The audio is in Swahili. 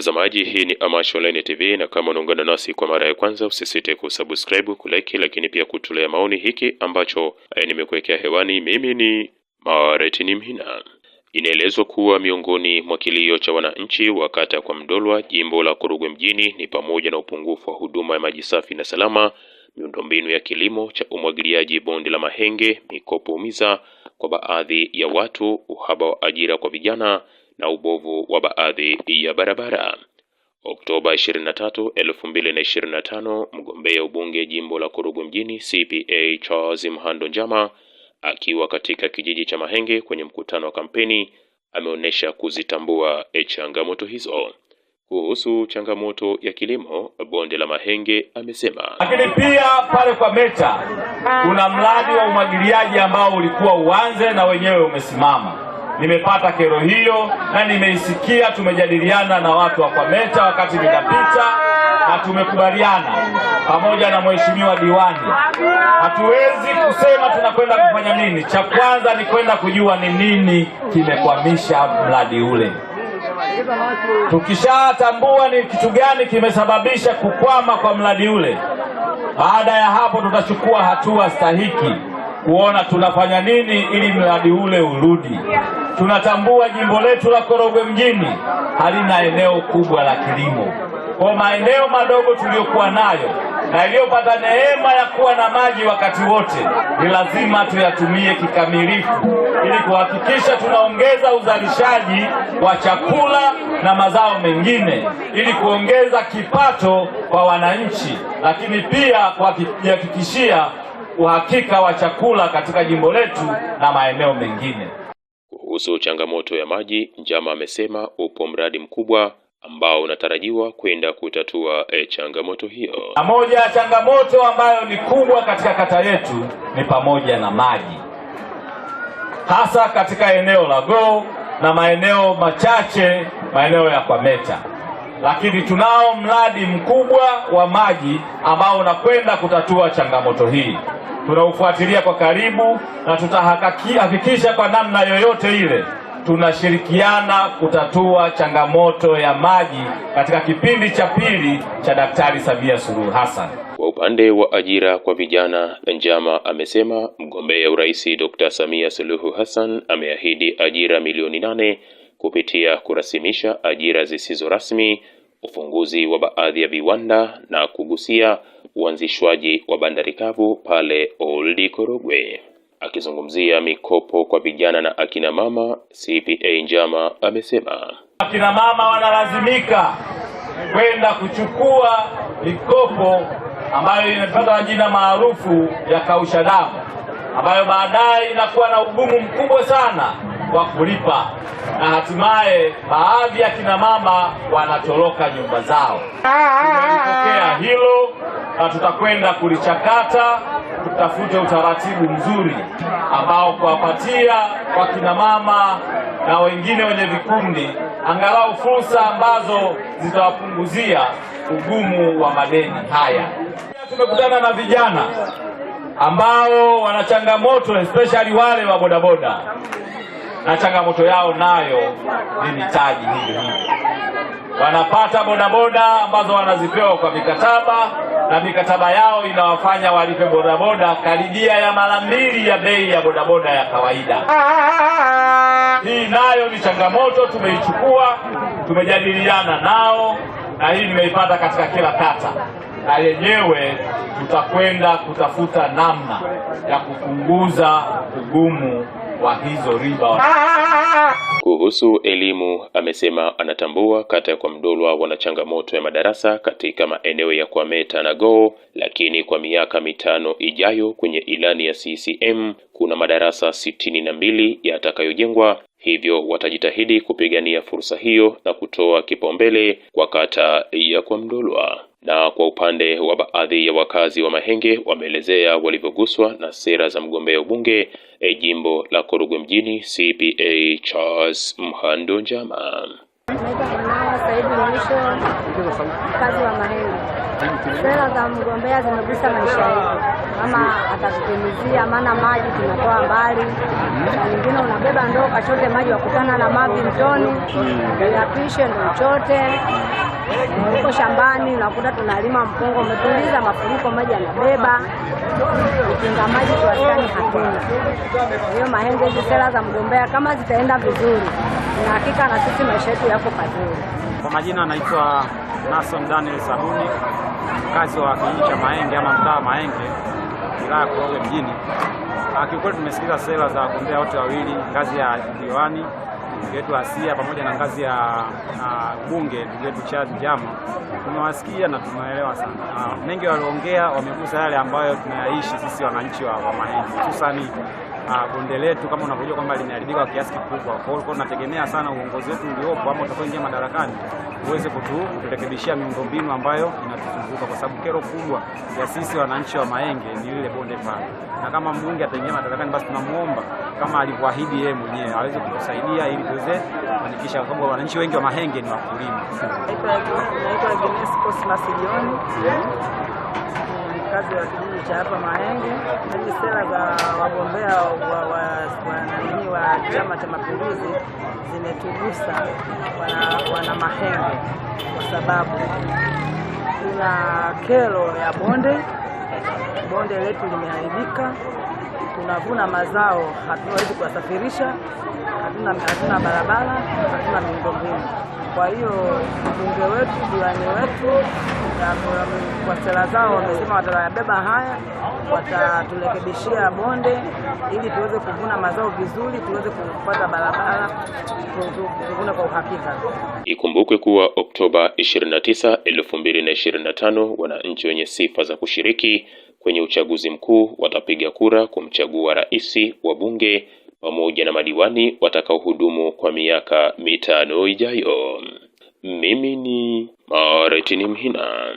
Mtazamaji, hii ni Amash Online TV, na kama unaungana nasi kwa mara ya kwanza, usisite kusubscribe, kulike, lakini pia kutolea maoni hiki ambacho eh, nimekuwekea hewani. Mimi ni Mawaretini Mhina. Inaelezwa kuwa miongoni mwa kilio cha wananchi wa kata kwa Mdolwa jimbo la Korogwe mjini ni pamoja na upungufu wa huduma ya maji safi na salama, miundombinu ya kilimo cha umwagiliaji bonde la Mahenge, mikopo umiza kwa baadhi ya watu, uhaba wa ajira kwa vijana na ubovu wa baadhi ya barabara. Oktoba 23, 2025, mgombea ubunge jimbo la Kurugu mjini CPA Charles Mhando Njama akiwa katika kijiji cha Mahenge kwenye mkutano wa kampeni ameonyesha kuzitambua e changamoto hizo. Kuhusu changamoto ya kilimo bonde la Mahenge amesema, lakini pia pale kwa Meta kuna mradi wa umwagiliaji ambao ulikuwa uanze na wenyewe umesimama Nimepata kero hiyo na nimeisikia. Tumejadiliana na watu wa Kwameta wakati ninapita, na tumekubaliana pamoja na mheshimiwa diwani, hatuwezi kusema tunakwenda kufanya nini. Cha kwanza ni kwenda kujua ni nini kimekwamisha mradi ule. Tukishatambua ni kitu gani kimesababisha kukwama kwa mradi ule, baada ya hapo tutachukua hatua stahiki kuona tunafanya nini ili mradi ule urudi. Tunatambua jimbo letu la Korogwe mjini halina eneo kubwa la kilimo, kwa maeneo madogo tuliyokuwa nayo na iliyopata neema ya kuwa na maji wakati wote, ni lazima tuyatumie kikamilifu ili kuhakikisha tunaongeza uzalishaji wa chakula na mazao mengine ili kuongeza kipato kwa wananchi, lakini pia kuhakikishia uhakika wa chakula katika jimbo letu na maeneo mengine. Kuhusu changamoto ya maji, Njama amesema upo mradi mkubwa ambao unatarajiwa kwenda kutatua e changamoto hiyo. Na moja ya changamoto ambayo ni kubwa katika kata yetu ni pamoja na maji, hasa katika eneo la go na maeneo machache, maeneo ya Kwameta lakini tunao mradi mkubwa wa maji ambao unakwenda kutatua changamoto hii. Tunaufuatilia kwa karibu na tutahakikisha kwa namna yoyote ile tunashirikiana kutatua changamoto ya maji katika kipindi cha pili cha Daktari Samia Suluhu Hassan. Kwa upande wa ajira kwa vijana, Njama amesema mgombea urais Dr. Samia Suluhu Hassan ameahidi ajira milioni nane kupitia kurasimisha ajira zisizo rasmi, ufunguzi wa baadhi ya viwanda na kugusia uanzishwaji wa bandari kavu pale Old Korogwe. Akizungumzia mikopo kwa vijana na akina mama, CPA Njama amesema akina mama wanalazimika kwenda kuchukua mikopo ambayo imepata jina maarufu ya kausha damu, ambayo baadaye inakuwa na ugumu mkubwa sana wa kulipa, na hatimaye baadhi ya kina mama wanatoroka nyumba zao. Ah, ah, ah, Tumelipokea hilo na tutakwenda kulichakata, tutafute utaratibu mzuri ambao kuwapatia kina mama na wengine wenye vikundi angalau fursa ambazo zitawapunguzia ugumu wa madeni haya. Tumekutana na vijana ambao wana changamoto especially wale wa bodaboda na changamoto yao nayo ni mitaji hiyo hiyo. Wanapata bodaboda ambazo wanazipewa kwa mikataba, na mikataba yao inawafanya walipe bodaboda karibia ya mara mbili ya bei ya bodaboda ya kawaida. Hii nayo ni changamoto, tumeichukua tumejadiliana nao, na hii nimeipata katika kila kata, na yenyewe tutakwenda kutafuta namna ya kupunguza ugumu wa hizo riba. Kuhusu elimu, amesema anatambua kata ya Kwa Mdolwa wana changamoto ya madarasa katika maeneo ya Kwa Meta na Goo, lakini kwa miaka mitano ijayo kwenye ilani ya CCM kuna madarasa sitini na mbili yatakayojengwa hivyo watajitahidi kupigania fursa hiyo na kutoa kipaumbele kwa kata ya Kwa Mdolwa. Na kwa upande wa baadhi ya wakazi wa Mahenge wameelezea walivyoguswa na sera za mgombea ubunge e jimbo la Korogwe mjini CPA Charles Mhando Njama. Kazi wa Mahenge, sera za mgombea zimegusa maisha yetu. Mama atatutimizia, maana maji tunatoa mbali na nyingine, unabeba ndoo kachote maji, wakutana na mavi mtoni, mm. yapishe ndo chote Uko shambani unakuta tunalima mpungo, umetuliza mafuriko, maji yanabeba kinga maji tuwasani hatuna. Hiyo Mahenge, hizi sera za mgombea kama zitaenda vizuri, na hakika na sisi maisha yetu yako pazuri. Kwa majina anaitwa Nason Daniel Sabuni, mkazi wa kijiji cha Mahenge ama mtaa Mahenge, wilaya ya Korogwe mjini. Kiukweli tumesikiza sera za wagombea wote wawili, ngazi ya diwani ndugu yetu Asia pamoja na ngazi ya bunge ndugu yetu Charles Njama, tumewasikia na tunaelewa sana na mengi walioongea, wamegusa yale ambayo tunayaishi sisi wananchi wa, wa Mahindi hususani ah, bonde letu kama unavyojua kwamba limeharibika kwa kiasi kikubwa. Kwa hiyo tunategemea sana uongozi wetu uliopo ama utakaoingia madarakani uweze kuturekebishia miundombinu ambayo inatuzunguka, kwa sababu kero kubwa ya sisi wananchi wa Mahenge ni lile bonde pale, na kama mbunge ataingia madarakani, basi tunamuomba kama alivyoahidi yeye mwenyewe aweze kutusaidia ili tuweze kufanikisha, kwa sababu wananchi wengi wa Mahenge ni wakulima. Naitwa Agnes Cosmas John, mkazi wa kijiji cha hapa Mahenge. Mimi sera za wagombea wa Chama cha Mapinduzi zimetugusa wana, wana Mahenge kwa sababu kuna kero ya bonde, bonde letu limeharibika tunavuna mazao, hatuwezi kuyasafirisha, hatuna hatuna barabara, hatuna miundombinu. Kwa hiyo mbunge wetu, diwani wetu kwa sera zao wamesema watayabeba haya, watatulekebishia bonde ili tuweze kuvuna mazao vizuri, tuweze kupata barabara, tuvune kwa uhakika. Ikumbukwe kuwa Oktoba 29, 2025 wananchi wenye sifa za kushiriki kwenye uchaguzi mkuu watapiga kura kumchagua rais, wabunge pamoja na madiwani watakaohudumu kwa miaka mitano ijayo. Mimi ni Martin Mhina.